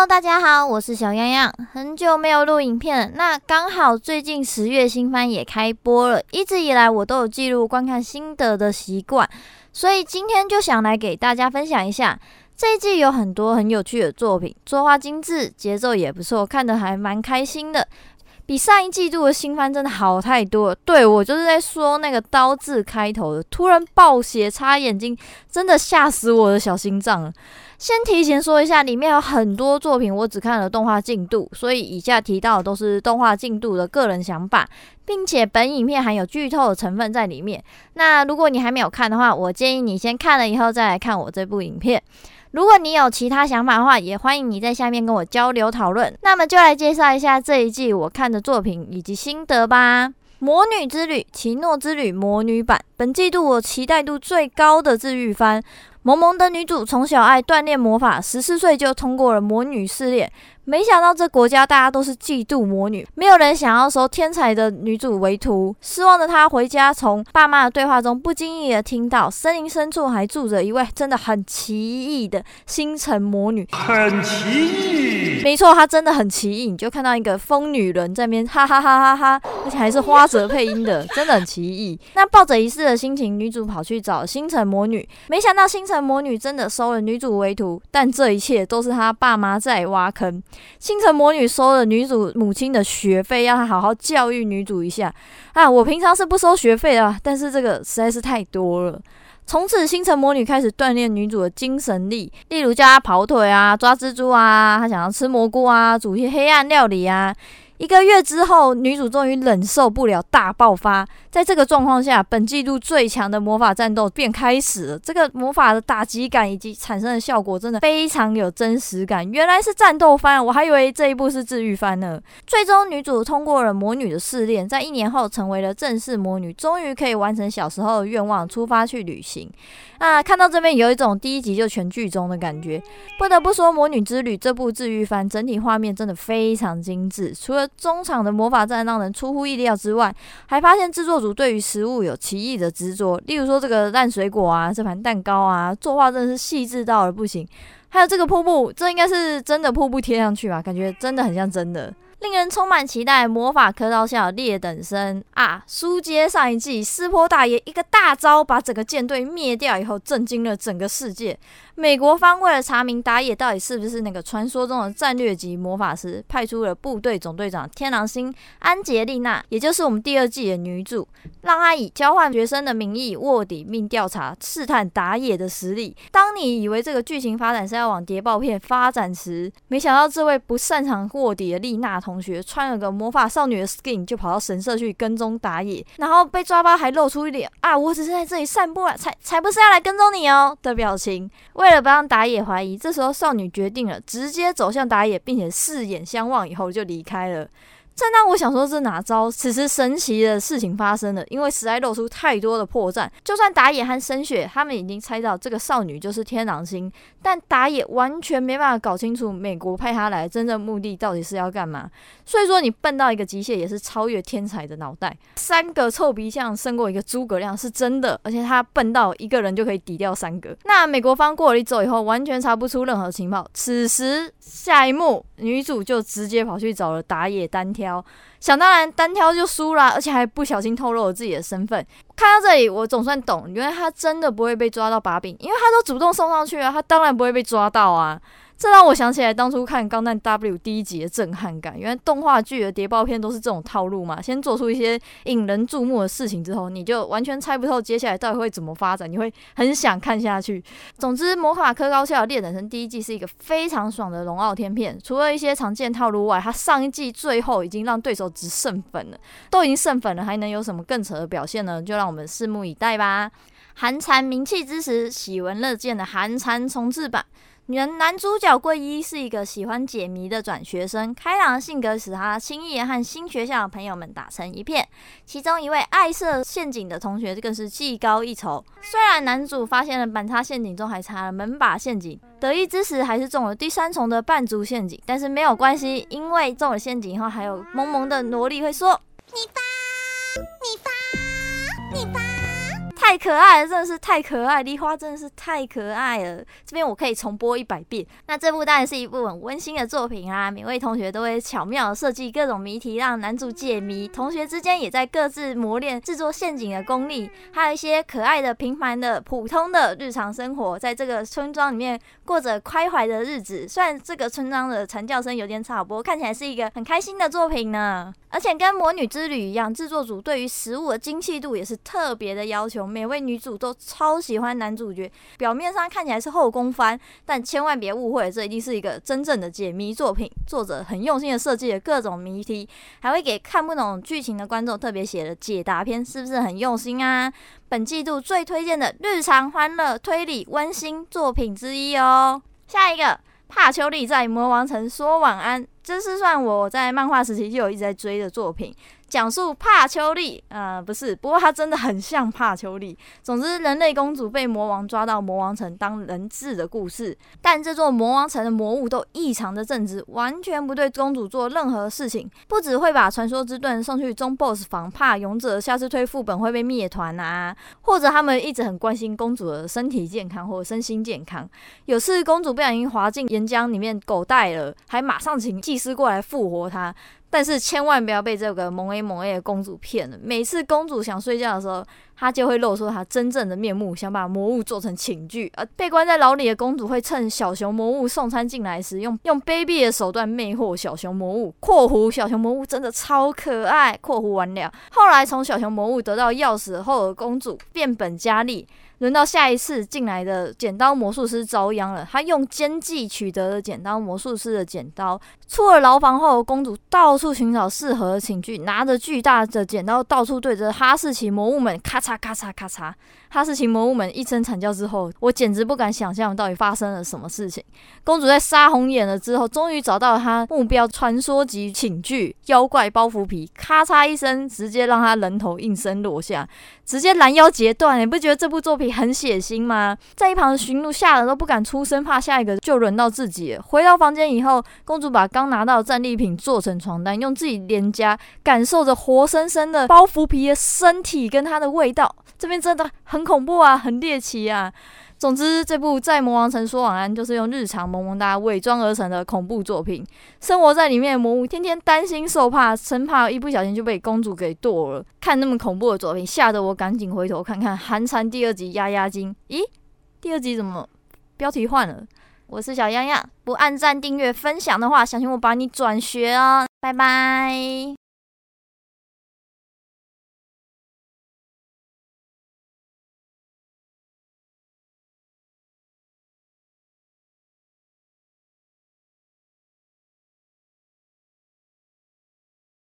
Hello，大家好，我是小樣樣，很久沒有錄影片了。那剛好最近十月新番也開播了，一直以來我都有記錄觀看心得的習慣，所以今天就想來給大家分享一下。這一季有很多很有趣的作品，作畫精致，節奏也不錯，看得還蠻開心的。比上一季度的新番真的好太多了。對，我就是在說那個刀字開頭的，突然暴血擦眼睛，真的嚇死我的小心臟。先提前說一下，裡面有很多作品，我只看了動畫進度，所以以下提到的都是動畫進度的個人想法，並且本影片含有劇透的成分在裡面。那如果你還沒有看的話，我建議你先看了以後再來看我這部影片。如果你有其他想法的話，也歡迎你在下面跟我交流討論。那麼就來介紹一下這一季我看的作品以及心得吧。《魔女之旅》《奇諾之旅》魔女版，本季度我期待度最高的治癒番。萌萌的女主從小愛鍛鍊魔法，十四歲就通過了魔女試煉。沒想到這國家大家都是嫉妒魔女，沒有人想要收天才的女主為徒。失望的她回家，從爸媽的對話中不經意地聽到，森林深處還住着一位真的很奇異的星辰魔女，很奇異。沒錯，她真的很奇異，你就看到一個瘋女人在那邊，哈哈哈哈哈哈！而且還是花澤配音的，真的很奇異。那抱着一試的心情，女主跑去找星辰魔女，沒想到星辰魔女真的收了女主為徒，但這一切都是她爸媽在挖坑。星辰魔女收了女主母親的學費，讓她好好教育女主一下。啊，我平常是不收學費的啊，但是這個實在是太多了。從此，星辰魔女開始鍛鍊女主的精神力，例如叫她跑腿啊、抓蜘蛛啊。她想要吃蘑菇啊，煮一些黑暗料理啊。一個月之後，女主終於忍受不了大爆發。在這個狀況下，本季度最強的魔法戰鬥便開始了。這個魔法的打擊感以及產生的效果真的非常有真實感。原來是戰鬥番啊，我還以為這一部是治癒番呢啊。最終，女主通過了魔女的試煉，在一年後成為了正式魔女，終於可以完成小時候的願望，出發去旅行。啊，看到這邊有一種第一集就全劇終的感覺。不得不說，《魔女之旅》這部治癒番整體畫面真的非常精致，除了。中場的魔法戰讓人出乎意料之外，還發現制作組對於食物有奇異的執着，例如說這個爛水果啊，這盤蛋糕啊，作畫真的是細致到了不行。還有這個瀑布，這應該是真的瀑布貼上去吧，感覺真的很像真的。令人充滿期待，魔法科高校的劣等生啊！書接上一季，斯波大爺一個大招把整個艦隊滅掉以後，震驚了整個世界。美國方為了查明打野到底是不是那個傳說中的戰略級魔法師，派出了部隊總隊長天狼星安杰麗娜，也就是我們第二季的女主，讓她以交換學生的名義臥底並，並調查試探打野的實力。當你以為這個劇情發展是要往諜報片發展時，沒想到這位不擅長臥底的麗娜同。同學穿了個魔法少女的 skin，就跑到神社去跟蹤打野，然後被抓包還露出一臉啊，我只是在這裡散步啊，才才不是要來跟蹤你哦的表情。為了不讓打野懷疑，這時候少女決定了直接走向打野，並且四眼相望以後就離開了。正當我想說是哪招，此時神奇的事情發生了，因為實在露出太多的破綻。就算打野和申雪他們已經猜到這個少女就是天狼星，但打野完全沒辦法搞清楚美國派他來真正目的到底是要幹嘛。所以說你笨到一個極限也是超越天才的腦袋，三個臭皮匠勝過一個諸葛亮是真的，而且他笨到一個人就可以抵掉三個。那美國方過了一周以後，完全查不出任何情報。此時下一幕，女主就直接跑去找了打野單挑。想當然單挑就輸了啊，而且還不小心透露了自己的身份。看到這裡，我總算懂，原來他真的不會被抓到把柄，因為他都主動送上去啊，他當然不會被抓到啊。這讓我想起來當初看《鋼彈 W》第一集的震撼感，因為動畫劇和諜報片都是這種套路嘛，先做出一些引人注目的事情之後，你就完全猜不透接下來到底會怎麼發展，你會很想看下去。總之，《魔法科高校的劣等生》第一季是一個非常爽的龍傲天片，除了一些常見套路外，它上一季最後已經讓對手只剩粉了，都已經剩粉了，還能有什麼更扯的表現呢？就讓我們拭目以待吧。《寒蟬鳴泣之時》，喜聞樂見的寒蟬重置版。原男主角圭一是一個喜歡解謎的轉學生，開朗的性格使他輕易和新學校的朋友們打成一片。其中一位愛設陷阱的同學更是技高一籌。雖然男主發現了板擦陷阱中還插了門把陷阱，得意之時還是中了第三重的絆足陷阱，但是沒有關係，因為中了陷阱以後還有萌萌的蘿莉會說：“你發，你發，你發。”太可愛了，真的是太可愛！梨花真的是太可愛了。這邊我可以重播一百遍。那這部當然是一部很溫馨的作品啊。每位同學都會巧妙設計各種謎題，讓男主解謎。同學之間也在各自磨練製作陷阱的功力。還有一些可愛的、平凡的、普通的日常生活，在這個村莊裡面過着開懷的日子。雖然這個村莊的慘叫聲有點吵，不過看起來是一個很開心的作品呢。而且跟《魔女之旅》一樣，制作組對於食物的精細度也是特別的要求。每位女主都超喜歡男主角，表面上看起來是後宮番，但千萬別誤會，這一定是一個真正的解謎作品。作者很用心的設計了各種謎題，還會給看不懂劇情的觀眾特別寫的解答篇，是不是很用心啊？本季度最推薦的日常歡樂推理溫馨作品之一哦。下一個，帕秋莉在魔王城說晚安。這是算我在漫畫時期就有一直在追的作品，講述帕秋莉，呃，不是，不過他真的很像帕秋莉。總之，人類公主被魔王抓到魔王城當人質的故事，但這座魔王城的魔物都異常的正直，完全不對公主做任何事情，不只會把傳說之盾送去中 boss 房，怕勇者下次推副本會被滅團啊。或者他們一直很關心公主的身體健康或身心健康。有次公主不小心滑進岩漿裡面，狗帶了，還馬上請。祭司過來復活她，但是千萬不要被這個萌 A 萌 A 的公主騙了。每次公主想睡覺的時候，她就會露出她真正的面目，想把魔物做成寢具。而、呃、被關在牢裡的公主會趁小熊魔物送餐進來時，用用卑鄙的手段魅惑小熊魔物。括弧小熊魔物真的超可愛。括弧完了。後來從小熊魔物得到鑰匙後，公主變本加厲。輪到下一次進來的剪刀魔術師遭殃了，他用奸計取得了剪刀魔術師的剪刀。出了牢房後，公主到處尋找適合的寢具，拿着巨大的剪刀到處對着哈士奇魔物們咔嚓咔嚓咔嚓。哈士奇魔物們一聲慘叫之後，我簡直不敢想象到底發生了什麼事情。公主在殺紅眼了之後，終於找到她目標——傳說級寢具妖怪包袱皮，咔嚓一聲，直接讓她人頭應聲落下，直接攔腰截斷。你不覺得這部作品？很血腥嗎？在一旁的巡邏嚇得都不敢出聲，怕下一個就輪到自己。回到房間以後，公主把剛拿到的戰利品做成床單，用自己臉頰感受着活生生的包袱皮的身體跟它的味道。這邊真的很恐怖啊，很獵奇啊。總之，這部《在魔王城說晚安》就是用日常萌萌噠偽裝而成的恐怖作品。生活在裡面的魔物天天擔心受怕，生怕一不小心就被公主給剁了。看那麼恐怖的作品，嚇得我趕緊回頭看看《寒蟬》第二集壓壓驚。咦，第二集怎麼標題換了？我是小漾樣，不按讚、訂閱、分享的話，小心我把你轉學哦！拜拜。